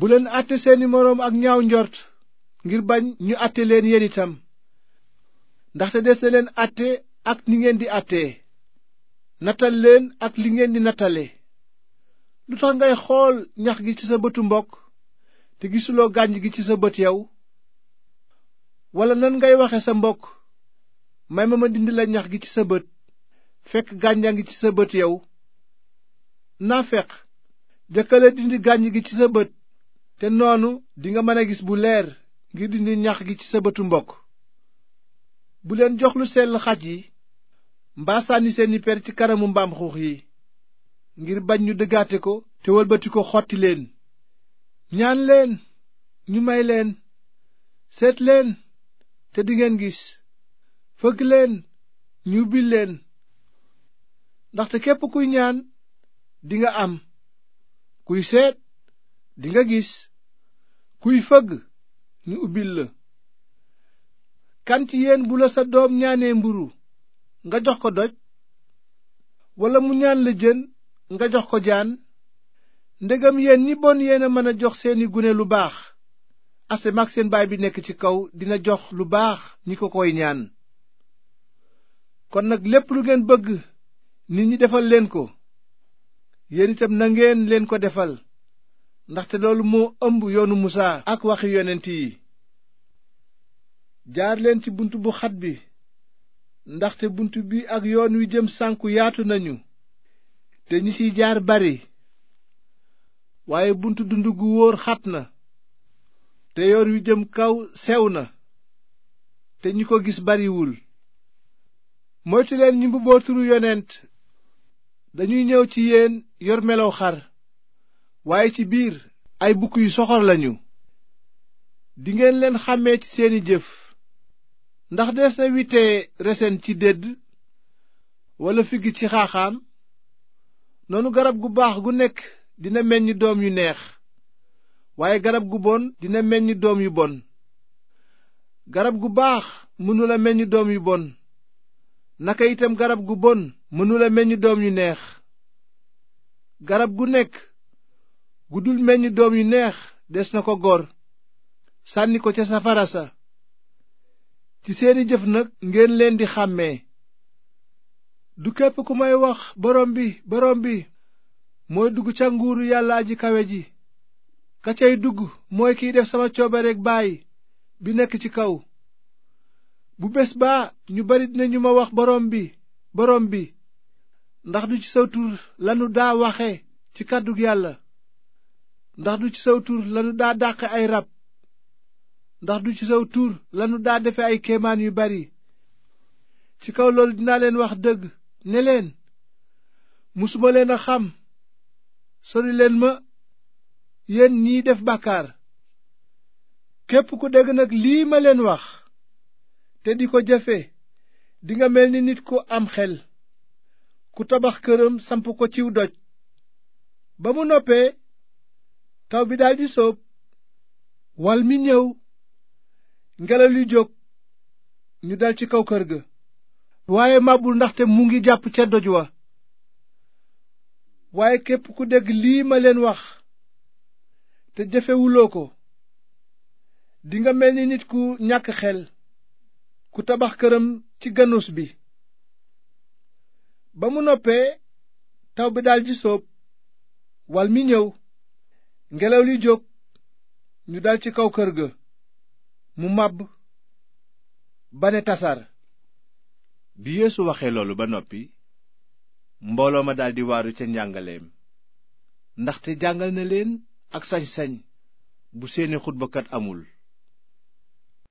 bu leen àtte seeni moroom ak ñaaw njort ngir bañ ñu àtte leen yéen itam ndaxte des leen àtte ak ni ngeen di àttee nattal leen ak li ngeen di nattale lu tax ngay xool ñax gi ci sa bëtu mbokk te gisuloo gànj gi ci sa bët yow walla nan ngay waxe sa mbokk may ma ma dindi la ñax gi ci sa bët fekk gànja ngi ci sa bët yow naafeq jëkkale dindi gànj gi ci sa bët te noonu dinga mën a gis bu leer ngir dindi ñax gi ci sa bëtu mbokk bu leen jox lu sell xaj yi mbaa sànni seeni per ci kanamu mbaam xuux yi ngir bañ ñu dëggaate ko te wëlbati ko xotti leen ñaan leen ñu may leen seet leen te dingeen gis fëgg leen ñu ubbil leen ndaxte képp kuy ñaan dinga am kuy seet dinga gis kuy fëgg ñu ubbil la kan ci yéen bu la sa doom ñaanee mburu nga jox ko doj walla mu ñaan la jën nga jox ko jaan ndegam yéen ñi bon yéen a mën a jox seeni gune lu baax asamaak seen baay bi nekk ci kaw dina jox lu baax ñi ko koy ñaan kon nag lépp lu ngeen bëgg nit ñi defal leen ko yéen itam na ngeen leen ko defal ndaxte loolu moo ëmb yoonu musaa ak waxi yonent yi jaar leen ci bunt bu xat bi ndaxte bunt bi ak yoon wi jëm sànku yaatu nañu te ñi ciy jaar bari waaye bunt dund gu wóor xat na te yoon wi jëm kaw sew na te ñi ko gis bariwul moytu leen ñi mbubboo yonent dañuy ñëw ci yéen yor melow xar waaye ci biir ay bukk yu soxor lañu dingeen leen xàmmee ci seeni jëf ndax des na wittee resen ci dédd walla figg ci xaaxaam noonu garab gu baax gu nekk dina meññ doom yu neex waaye garab gu bon dina meññ doom yu bon garab gu baax mënula meññ doom yu bon naka itam garab gu bon mënula meññ doom yu neex garab gu nekk bu dul meññ doom yu neex des na ko gor sànni ko ca safara sa ci seeni jëf nag ngeen leen di xàmmee du képp ku may wax borom bi borom bi mooy dugg ca nguuru yàlla aji kawe ji ka cay dugg mooy kiy def sama coobareeg baay bi nekk ci kaw bu bés ba ñu bari dinañu ma wax borom bi borom bi ndax du ci sa tur lanu daa waxe ci kàddu yàlla ndax du ci saw tur lanu daa dàq ay rab ndax du ci saw tur lanu daa defe ay kéemaan yu bari ci kaw loolu dinaa leen wax dëgg neleen leen musuma leen a xam sori leen ma yéen ñiy def bàkkaar képp ku dégg nag lii ma leen wax te di ko jëfe dinga mel ni nit ku am xel ku tabax këram samp ko ciw doj ba mu noppee taw bi daldi soob wal mi ñëw ngelaw li jóg ñu dal ci kaw kër ga waaye màbbul ndaxte mu ngi jàpp ca doj wa waaye képp ku dégg lii ma leen wax te jëfewuloo ko dinga mel ni nit ku ñàkk xel ku tabax këram ci ganus bi ba mu noppee taw bi daldi soob wal mi ñëw ngelaw li jóg ñu dal ci kaw kër ga mu màbb ba ne tasar bi yéesu waxee loolu ba noppi mbooloo ma daldi waaru ca njàngaleem ndaxte jàngal na leen ak sañ-sañ bu seeni xutbakat amul